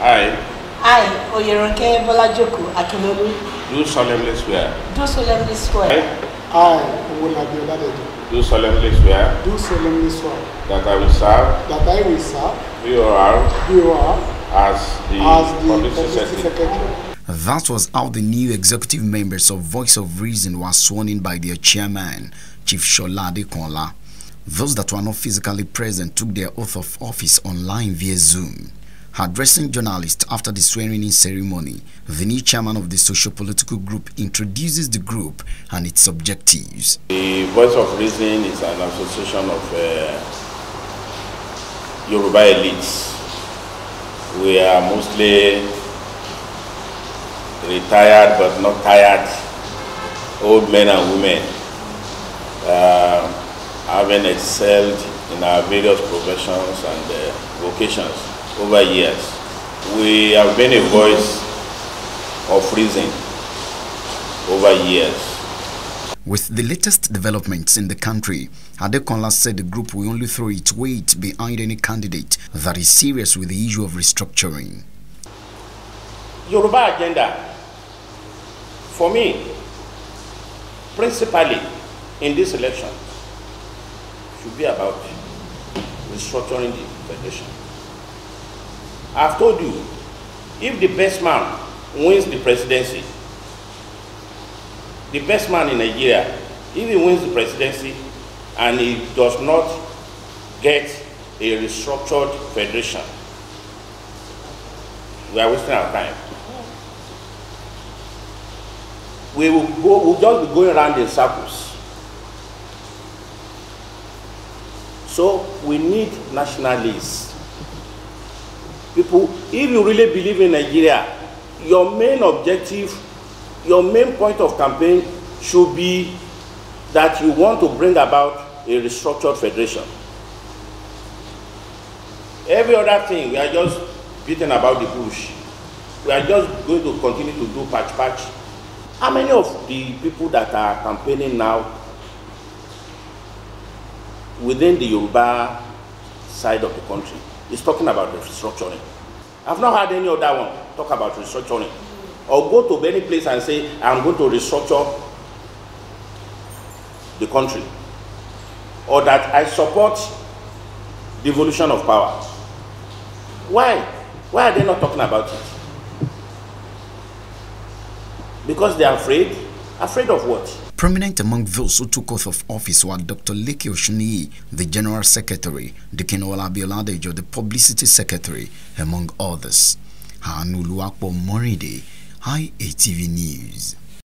I. I, Oyeronke Bolajoku Akinolu. Do solemnly swear. Do solemnly swear. I, I Owolabi Oladejo. Do solemnly swear. Do solemnly swear. That I will serve. That I will serve. You are. As the, as the secretary. secretary. That was how the new executive members of Voice of Reason were sworn in by their chairman, Chief Shola Adekola. Those that were not physically present took their oath of office online via Zoom. Addressing journalists after the swearing-in ceremony, the new chairman of the socio-political group introduces the group and its objectives. The Voice of Reason is an association of uh, Yoruba elites. We are mostly retired but not tired old men and women uh, having excelled in our various professions and uh, vocations over years. We have been a voice of reason over years. With the latest developments in the country, Adekola said the group will only throw its weight behind any candidate that is serious with the issue of restructuring. Yoruba agenda, for me, principally in this election, should be about restructuring the federation. I've told you, if the best man wins the presidency, the best man in Nigeria, if he wins the presidency and he does not get a restructured federation, we are wasting our time. We will go, we'll just be going around in circles. So we need nationalists people, if you really believe in Nigeria, your main objective, your main point of campaign should be that you want to bring about a restructured federation. Every other thing, we are just beating about the bush. We are just going to continue to do patch patch. How many of the people that are campaigning now within the Yoruba side of the country is talking about restructuring. I've not heard any other one talk about restructuring. Or go to any place and say, I'm going to restructure the country. Or that I support devolution of power. Why? Why are they not talking about it? Because they are afraid. Afraid of what? Prominent among those who took oath of office were Dr. Leke Oshuniyi, the General Secretary, Dikinola Olabioladejo, the Publicity Secretary, among others. Hanulu Akpo Moride, ATV News.